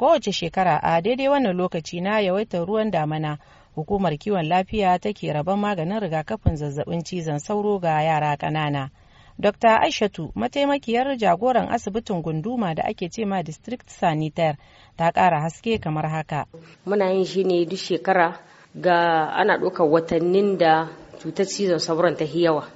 kowace shekara a daidai wannan lokaci na yawaitar ruwan damana hukumar kiwon lafiya take rabon maganin rigakafin zazzabin cizon sauro ga yara kanana Dr. Aishatu, mataimakiyar jagoran asibitin gunduma da ake ce ma district sanitaire, ta ƙara haske kamar haka. Muna yin shi ne duk shekara ga ana ɗaukar watannin da cutar cizon sauron ta yawa.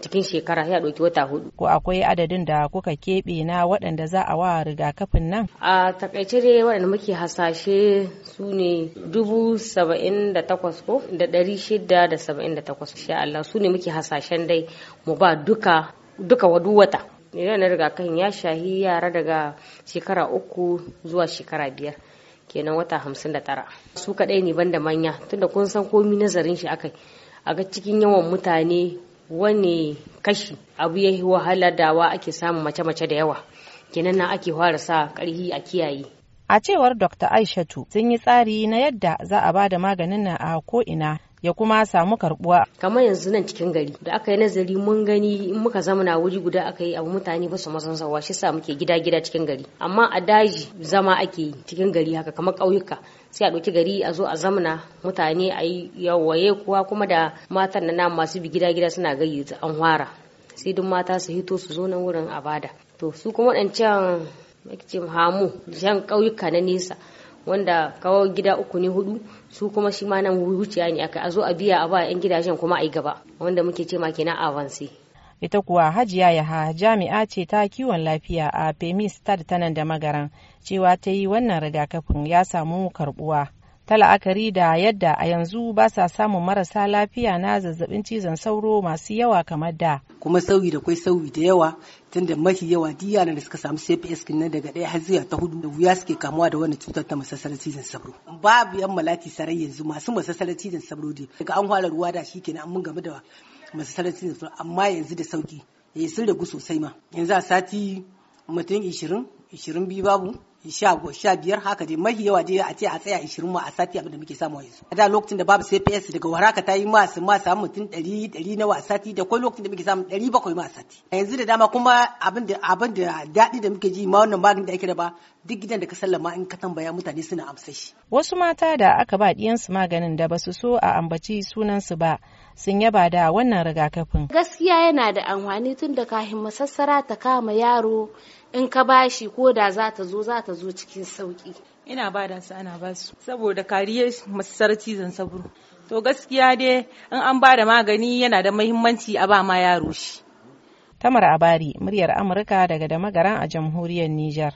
cikin shekara ya ɗauki wata hudu. Ko akwai adadin da kuka keɓe na waɗanda za a wa rigakafin nan? A takaice dai waɗanda muke hasashe su ne dubu saba'in da takwas ko da ɗari shida da saba'in da takwas. Insha Allah su ne muke hasashen dai mu ba duka duka wadu wata. Idan rigakafin ya shahi yara daga shekara uku zuwa shekara biyar. kenan wata hamsin da tara su kaɗai ne banda manya tunda kun san komi nazarin shi akai a ga cikin yawan mutane Wani kashi abu ya wahala dawa ake samun mace-mace da yawa kenan nan ake fara sa karhi a kiyaye a cewar dr aishatu sun yi tsari na yadda za a ba da maganin na a ko'ina ya kuma samu karbuwa kamar yanzu nan cikin gari da aka yi nazari mun gani in muka zamana wuri guda aka yi abu mutane ba su mazanzawa shi sa muke gida gida cikin gari amma a daji zama ake yi cikin gari haka kamar ƙauyuka sai a ɗauki gari a zo a zamana mutane a yi yawaye kuwa kuma da matan na nan masu bi gida gida suna gayyata an hwara sai duk mata su hito su zo nan wurin abada. bada to su kuma waɗancan hamu jan ƙauyuka na nesa wanda kawo gida uku ne hudu su kuma shi ma nan wuciya ne aka a zo a biya a ba 'yan gidajen kuma a yi gaba wanda muke ce ma kenan avance ita kuwa hajiya ha jami'a ce ta kiwon lafiya a pemis ta nan da magaran cewa ta yi wannan rigakafin ya samu karbuwa ta la'akari da yadda a yanzu ba sa samun marasa lafiya na zazzabin cizon sauro masu yawa kamar da. Kuma sauyi da kwai sauyi da yawa tunda mafi yawa diya da suka samu CPS nan daga ɗaya har zuwa ta hudu da wuya suke kamuwa da wannan cutar ta masassarar cizon sauro. Babu yan malati sarai yanzu masu masassarar cizon sauro daga an fara ruwa da shi kenan an mun game da masassarar cizon sauro amma yanzu da sauki. Eh sun ragu sosai ma. Yanzu a sati mutum 20 22 babu sha sha biyar haka dai mahi yawa dai a ce a tsaya ishirin ma a sati abin da muke samu yanzu a da lokacin da babu cps daga waraka ta yi ma su ma samu mutum ɗari ɗari na sati da kwai lokacin da muke samu ɗari bakwai ma sati yanzu da dama kuma abin da abin da daɗi da muke ji ma wannan magani da ake da ba duk gidan da ka sallama in ka tambaya mutane suna amsa shi wasu mata da aka ba ɗiyansu maganin da ba su so a ambaci sunansu ba sun yaba da wannan rigakafin gaskiya yana da amfani tun da kahin masassara ta kama yaro in ka bashi ko da za ta zo za ta zo cikin sauki ina ba da su ana ba su saboda kariyar masar cizon saburo to gaskiya dai in an ba da magani yana da mahimmanci a ba ma yaro shi tamar abari muryar amurka daga da magaran a jamhuriyar nijar